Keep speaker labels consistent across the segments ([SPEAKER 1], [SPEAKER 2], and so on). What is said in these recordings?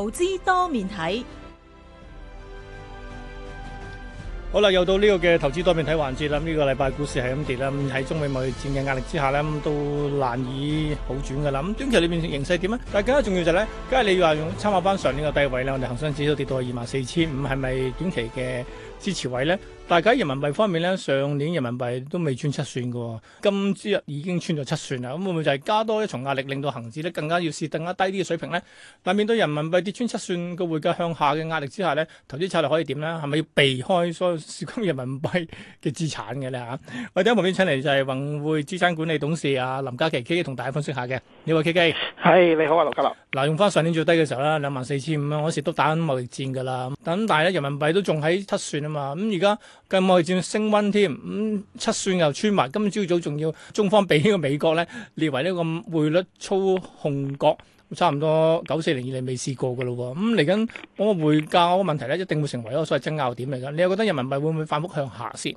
[SPEAKER 1] 投資多面睇，好啦，又到呢個嘅投資多面睇環節啦。呢個禮拜股市係咁跌啦，咁喺中美貿易戰嘅壓力之下咧，都難以好轉噶啦。咁短期裏邊形勢點啊？但係更加重要就係咧，梗係你要話用參考翻上年嘅低位咧，我哋恒生指數跌到二萬四千五，係咪短期嘅？支持位咧，大家喺人民幣方面咧，上年人民幣都未穿七算嘅，哦，今朝已經穿咗七算啦。咁會唔會就係加多一重壓力，令到恒指咧更加要試更加低啲嘅水平咧？但面對人民幣跌穿七算個匯價向下嘅壓力之下咧，投資策略可以點咧？係咪要避開所有涉及人民幣嘅資產嘅咧嚇？我哋喺旁邊請嚟就係宏匯資產管理董事啊林嘉麒 K K 同大家分析下嘅。你好 K K，係，hey, 你好啊，林嘉樂。嗱，用翻上年最低嘅時候啦，兩萬四千五，我嗰時都打緊貿易戰㗎啦。咁但係咧，人民幣都仲喺七算啊嘛。咁而家嘅貿易戰升溫添，咁七算又穿埋。今朝早仲要中方俾呢個美國咧列為呢個匯率操控國，差唔多九四年以嚟未試過㗎咯喎。咁嚟緊個匯價個問題咧，一定會成為一個所謂爭拗點嚟㗎。你又覺得人民幣會唔會反覆向下先？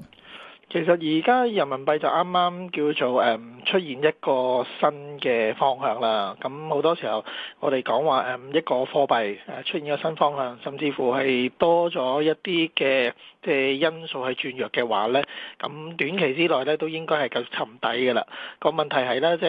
[SPEAKER 1] 其實而家人民幣就啱啱叫做誒出現一
[SPEAKER 2] 個新嘅方向啦。咁好多時候我哋講話誒一個貨幣誒出現一個新方向，甚至乎係多咗一啲嘅即係因素去轉弱嘅話咧，咁短期之內咧都應該係夠沉底嘅啦。個問題係咧，即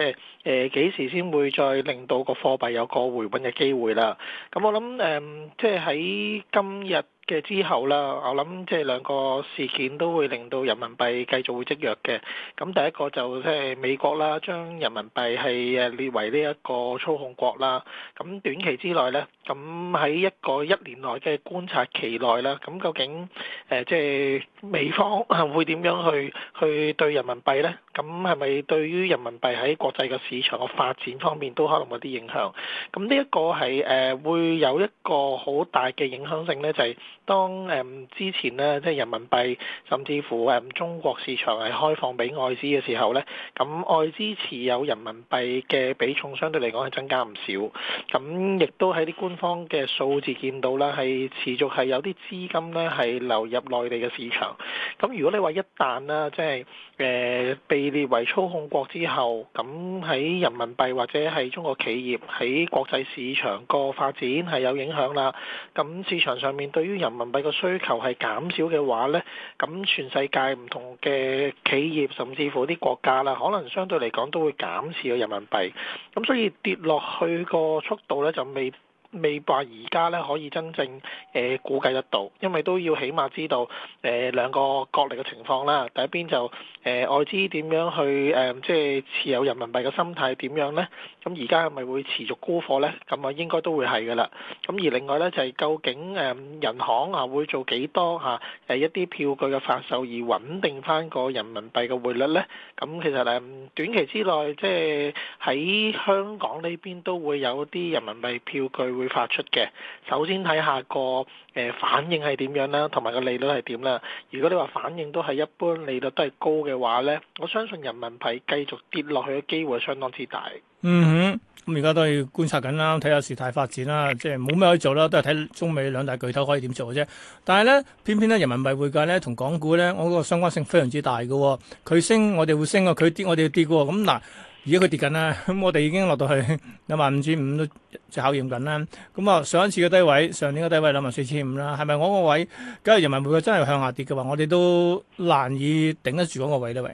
[SPEAKER 2] 係誒幾時先會再令到個貨幣有個回穩嘅機會啦？咁我諗誒即係喺今日嘅之後啦，我諗即係兩個事件都會令到人民幣繼續會積弱嘅。咁第一個就即係美國啦，將人民幣係誒列為呢一個操控國啦。咁短期之內咧，咁喺一個一年內嘅觀察期內咧，咁究竟誒即係美方會點樣去去對人民幣咧？咁係咪對於人民幣喺國際嘅市場嘅發展方面都可能有啲影響？咁呢一個係誒會有一個好大嘅影響性咧，就係。當誒之前呢，即係人民幣甚至乎誒中國市場係開放俾外資嘅時候呢，咁外資持有人民幣嘅比重相對嚟講係增加唔少。咁亦都喺啲官方嘅數字見到啦，係持續係有啲資金呢係流入內地嘅市場。咁如果你話一旦啦，即係誒被列為操控國之後，咁喺人民幣或者係中國企業喺國際市場個發展係有影響啦。咁市場上面對於人民人民幣嘅需求係減少嘅話咧，咁全世界唔同嘅企業甚至乎啲國家啦，可能相對嚟講都會減少人民幣。咁所以跌落去個速度咧就未。未話而家咧可以真正誒估計得到，因為都要起碼知道誒兩個角力嘅情況啦。第一邊就誒外資點樣去誒即係持有人民幣嘅心態點樣咧？咁而家係咪會持續沽貨咧？咁啊應該都會係噶啦。咁而另外咧就係究竟誒銀行啊會做幾多嚇誒一啲票據嘅發售而穩定翻個人民幣嘅匯率咧？咁其實誒短期之內即係喺香港呢邊都會有啲人民幣票據。會發出嘅，首先睇下個誒、呃、反應係點樣啦，同埋個利率係點啦。如果你話反應都係一般，利率都係高嘅話咧，我相信人民幣繼續跌落去嘅機會
[SPEAKER 1] 相當之大。嗯哼，咁而家都係觀察緊啦，睇下事態發展啦，即係冇咩可以做啦，都係睇中美兩大巨頭可以點做嘅啫。但係咧，偏偏咧，人民幣匯價咧同港股咧，我嗰個相關性非常之大嘅，佢升我哋會升個，佢跌我哋要跌個，咁、嗯、嗱。如果佢跌緊啦，咁、嗯、我哋已經落到去兩萬五千五都就考驗緊啦。咁、嗯、啊，上一次嘅低位，上年嘅低位兩萬四千五啦。係咪我個位，假如人民幣真係向下跌嘅話，我哋都難以頂得住嗰個位咧，喂？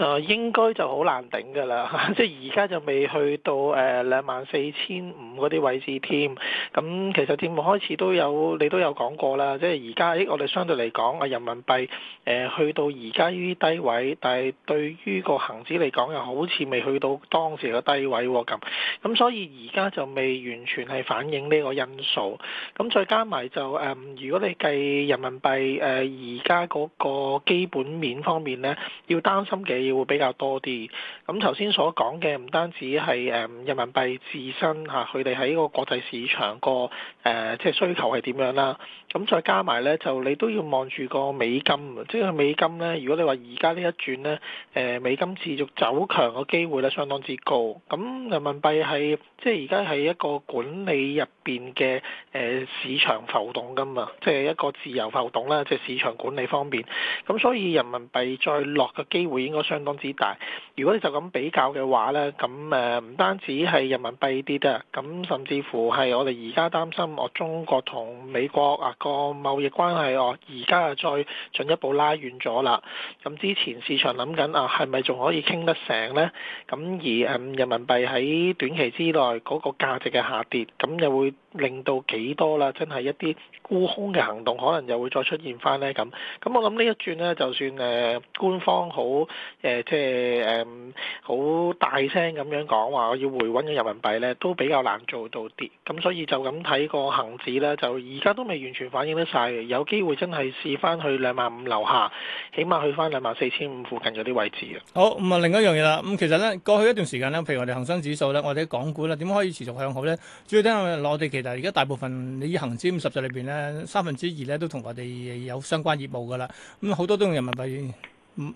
[SPEAKER 2] 誒應該就好難頂㗎啦，即係而家就未去到誒兩萬四千五嗰啲位置添。咁其實節目開始都有你都有講過啦，即係而家我哋相對嚟講啊，人民幣誒、呃、去到而家呢啲低位，但係對於個恆指嚟講又好似未去到當時嘅低位喎。咁咁所以而家就未完全係反映呢個因素。咁再加埋就誒、呃，如果你計人民幣誒而家嗰個基本面方面呢，要擔心嘅會比較多啲。咁頭先所講嘅唔單止係誒人民幣自身吓，佢哋喺個國際市場個誒即係需求係點樣啦。咁再加埋咧，就你都要望住個美金。即係美金咧，如果你話而家呢一轉咧，誒美金持續走強嘅機會咧，相當之高。咁人民幣係即係而家係一個管理入邊嘅誒市場浮動噶嘛，即係一個自由浮動啦，即係市場管理方面。咁所以人民幣再落嘅機會應該。相當之大。如果你就咁比較嘅話呢，咁誒唔單止係人民幣跌啦，咁甚至乎係我哋而家擔心我中國同美國啊個貿易關係，哦，而家又再進一步拉遠咗啦。咁之前市場諗緊啊，係咪仲可以傾得成呢？咁而誒人民幣喺短期之內嗰個價值嘅下跌，咁又會。令到幾多啦？真係一啲沽空嘅行動，可能又會再出現翻呢。咁。咁我諗呢一轉呢，就算誒、呃、官方好誒、呃，即係誒好大聲咁樣講話，我要回穩嘅人民幣呢，都比較難做到啲。咁所以就咁睇個恆指呢，就而家都未完全反映得曬，有機會真係試翻去兩萬五樓下，起碼去翻兩萬四千五附近嗰啲位置
[SPEAKER 1] 啊。好，咁啊另一樣嘢啦。咁其實呢，過去一段時間呢，譬如我哋恒生指數呢，我哋港股啦，點可以持續向好呢？主要睇下我哋其但，而家大部分你恒指五十隻裏邊咧，三分之二咧都同我哋有相關業務噶啦，咁好多都用人民幣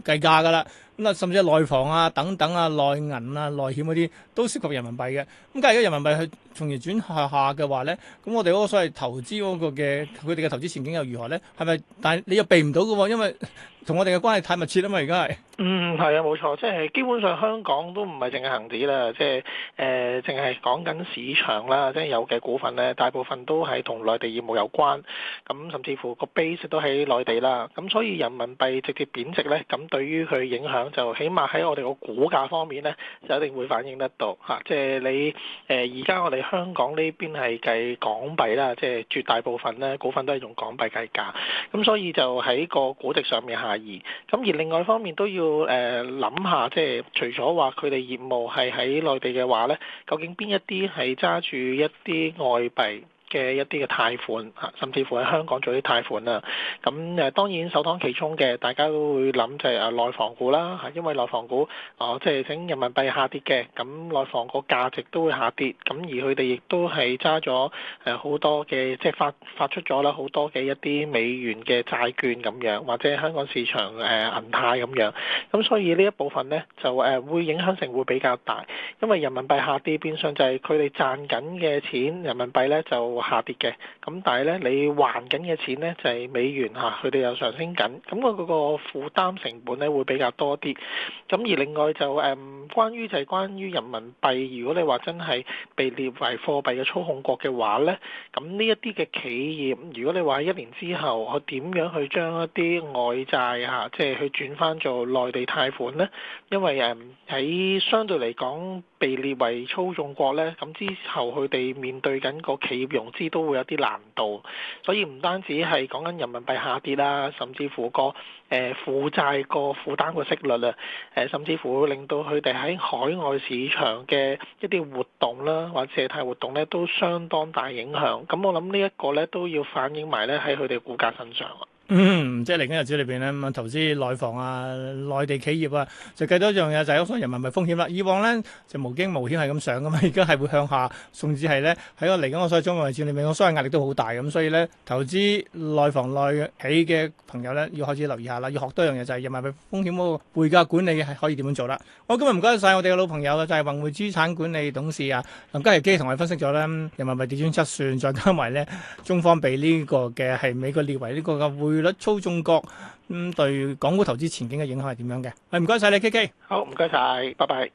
[SPEAKER 1] 計價噶啦，咁啊甚至係內房啊、等等啊、內銀啊、內險嗰啲都涉及人民幣嘅。咁假如而家人民幣去從而轉向下嘅話咧，咁我哋嗰個所謂投資嗰個嘅佢哋嘅投資前景又如何咧？係咪？但係你又避唔到嘅喎，因為。同我哋嘅關係太密切啦嘛，而家係嗯係啊，冇錯，即係基本上香港都唔係淨係恒
[SPEAKER 2] 指啦，即係誒淨係講緊市場啦，即係有嘅股份咧，大部分都係同內地業務有關，咁甚至乎個 base 都喺內地啦，咁所以人民幣直接貶值咧，咁對於佢影響就起碼喺我哋個股價方面咧，就一定會反映得到吓，啊，即係你誒而家我哋香港呢邊係計港幣啦，即係絕大部分咧股份都係用港幣計價，咁所以就喺個估值上面係。咁而另外一方面都要誒，呃，諗下，即係除咗話佢哋業務係喺內地嘅話咧，究竟邊一啲係揸住一啲外幣，嘅一啲嘅貸款啊，甚至乎喺香港做啲貸款啊，咁誒當然首當其衝嘅，大家都會諗就係誒內房股啦，吓，因為內房股哦即係整人民幣下跌嘅，咁內房股價值都會下跌，咁而佢哋亦都係揸咗誒好多嘅即係發發出咗啦好多嘅一啲美元嘅債券咁樣或者香港市場誒銀貸咁樣，咁所以呢一部分咧就誒會影響性會比較大，因為人民幣下跌，變相就係佢哋賺緊嘅錢人民幣咧就。下跌嘅，咁但係咧，你還緊嘅錢咧就係、是、美元吓，佢、啊、哋又上升緊，咁我嗰個負擔成本咧會比較多啲。咁而另外就誒、嗯，關於就係關於人民幣，如果你話真係被列為貨幣嘅操控國嘅話咧，咁呢一啲嘅企業，如果你話喺一年之後，我點樣去將一啲外債吓、啊，即係去轉翻做內地貸款咧？因為誒喺、嗯、相對嚟講被列為操縱國咧，咁之後佢哋面對緊個企業融。知都會有啲難度，所以唔單止係講緊人民幣下跌啦，甚至乎個誒負債個負擔個息率啊，誒、呃、甚至乎令到佢哋喺海外市場嘅一啲活動啦，或者借貸活動咧，都相當大影響。咁我諗呢一個咧都要反映埋咧喺佢哋股價身上。
[SPEAKER 1] 嗯、即係嚟緊日子裏邊咧，咁啊投資內房啊、內地企業啊，就計多一樣嘢就係嗰個人民幣風險啦。以往咧就無驚無險係咁上噶嘛，而家係會向下，甚至係咧喺我嚟緊我所謂中嘅位置裏邊，我相信壓力都好大咁。所以咧，投資內房內起嘅朋友咧，要開始留意下啦，要學多一樣嘢就係、是、人民幣風險嗰個匯價管理係可以點樣做啦。好、哦，今日唔該晒我哋嘅老朋友啦，就係、是、宏匯資產管理董事啊林嘉麒同我哋分析咗咧人民幣跌穿七算，再加埋咧中方被呢個嘅係美國列為呢個嘅會。匯率操縱國咁、嗯、對港股投資前景嘅影響係點樣嘅？係唔該晒你，KK。好，唔該晒，拜拜。